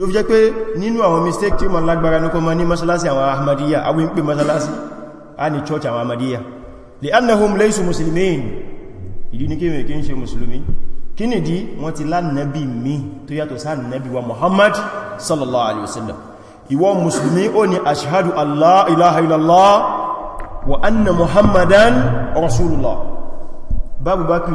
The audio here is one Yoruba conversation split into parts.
ló fi jẹ́ pé nínú àwọn mistake tí ó ma lágbára ní kọ ma ní masalasi àwọn ahmadiyya awin pè masalasi a ní church àwọn ahmadiyya li'annahum laysu muslimin ìdí ní kéèmè kí ń ṣe musulmi kí ni dí wọ́n ti lánàbí mi tó yàtọ̀ sáà nàbí wa muhammad sallallahu alaihi wasallam ìwọ musulmi ó ní ashhadu allah ilaha illallah wa anna muhammadan rasulullah babu bakri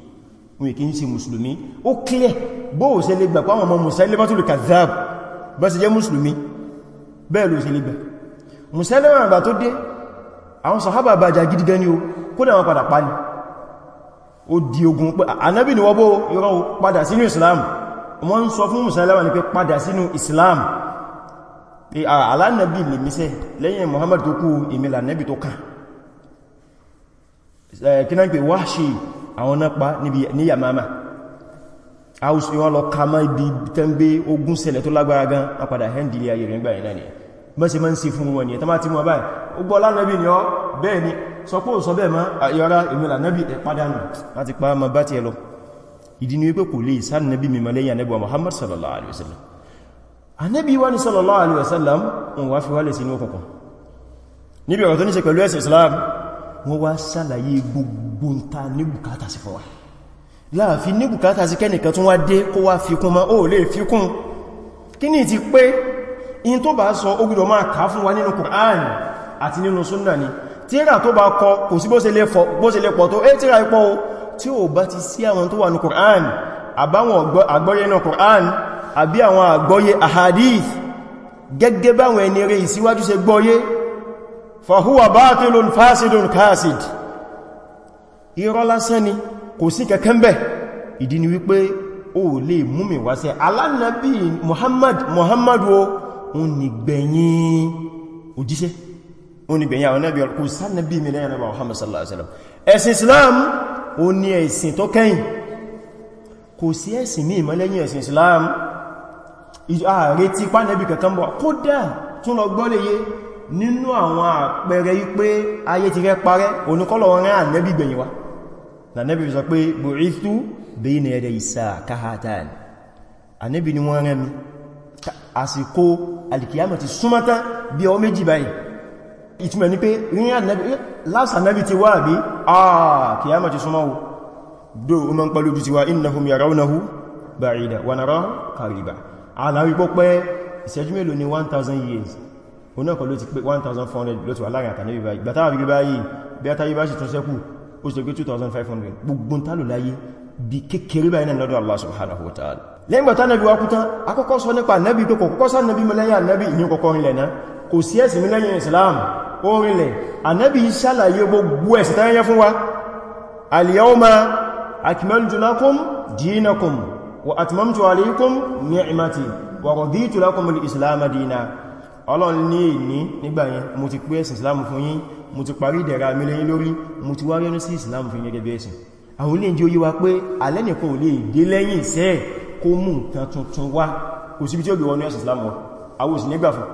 wọn kì í ṣe mùsùlùmí ó kílẹ̀ bóò ṣe lè gbà pàwọn ọmọ Musailimatul Kadhdhab bá ṣe jẹ́ mùsùlùmí bẹ́ẹ̀ ló ṣe lè gbà Musailima àgbà tó dé àwọn sàhábà bá jà gidi gan ni o kódà wọn padà pani ó di ogun pé anábì ni wọ́bó yọ́rọ̀ padà sínú Islam wọ́n ń sọ fún Musailima ni pé padà sínú Islam pé alánàbì lè mísẹ́ lẹ́yìn Muhammad tó kú èmìlànàbì tó kàn kí náà pé Wahshi àwọn nápa ní Yamama house ni wọ́n lọ ká mọ́ ibi tẹ́m̀bé ogun ṣẹlẹ̀ tó lágbára gan apadà hẹ́ndìlẹ̀ ayé rẹ̀ nígbà ìlànà mọ́sí mọ́ sí fún wọn ni ẹ̀tọ́ má ti mọ́ báyìí ó gbọ́ lánàbí ni ọ bẹ́ẹ̀ ni sọ pé òsọ bẹ́ẹ̀ mọ́ àyọ́rá ah, ìmìlà nẹ́bí ẹ̀pádánù láti pa mọ́ bá ti ẹlọ ìdí ni wípé kò lè sáà nẹ́bí mímọ̀ lẹ́yìn anẹ́bí ni sallallahu alaihi Islam wọ́n wá sàlàyé gbogbo ta ní bùkátà sí fọwà láàfin ní bùkátà sí kẹ́nìkan tún wá dé kó wá fikún ma ó lè fikún kí ní ti pé in tó bá sọ ó gbọ́dọ̀ máa kà fún wa nínú Kùránì àti nínú súnnà ni tíra tó bá kọ kò sí bó ṣe lè tó é tíra ipò tí ó bá ti sí àwọn tó wà ní Kùránì àbáwọn àgbọ́yé náà Kùránì àbí àwọn àgbọ́yé ahadith gẹ́gẹ́ báwọn ẹni rẹ̀ ìsíwájú ṣe gbọ́yé fàhúwà bátilun fásidun kásid irọ́ lásán ni kò sí kẹkẹ́ bẹ̀ ìdí ni wípé ó lè múmi wá sí alánàbí Muhammad Muhammad o ó ní gbẹ̀yìn òjíṣẹ́ o ní gbẹ̀yìn àwọn nẹ́bí kò sánàbí mi lẹ́yìn nẹ́bà Muhammad sallallahu alaihi wasallam ẹ̀sìn Islam ó ní ẹ̀sìn tó kẹ́yìn kò sí ẹ̀sìn ní ìmọ́lẹ́yìn ẹ̀sìn Islam ààrẹ tí pánẹ́bí kankan bọ̀ kódà tún nínú àwọn àpẹẹrẹ wípé ayé ti rẹ parẹ́ oníkọ́lọ̀ rán ànẹ́bì gbẹ̀yìn wa lànẹ́bì sọ pé bu'ithu bayna yaday saa kahatan ànẹ́bì ni wọ́n rán mi àsìkò alìkìyàmọ̀ ti súnmọ́tán bí ọ méjì báyìí ìtumọ̀ ti ba'ida wa ni 1000 years onákan ló ti pé 1400 ló ti wà láàrin àtàní ìgbà ìgbàtà àrí báyìí bí a tàbí bá sì tún sẹ́kù ó sì pé 2500 gbogbo tálò láyé bí kékeré báyìí náà lọ́dọ̀ Allah subhanahu wa ta'ala lẹ́yìn gbàtà nàbí wá kútán akọ́kọ́ sọ nípa nàbí tó kọ̀kọ́ sá nàbí mọ́lẹ́yìn ànàbí ìyẹn kọ̀kọ́ rinlẹ̀ náà kò sí ẹ̀sìn mílẹ́yìn Islam ó rinlẹ̀ ànàbí ṣàlàyé gbogbo ẹ̀sìn tẹ́yẹ fún wa al-yawma akmaltu lakum ọlọ́run ní ìní nígbà yẹn mo ti pé ẹ̀sìn islam fún yín mo ti parí ìdẹ̀ra mílẹ̀yìn lórí mo ti wárí ẹnu sí islam fún yín gẹ́gẹ́ bí ẹ̀sìn àwọn olè jí ó yí wa pé alẹ́nìkan ò lè dé lẹ́yìn iṣẹ́ kó mú nǹkan tuntun wá kò síbi tí ó gbé wọnú ẹ̀sìn islam wọn àwọn òsì nígbà fún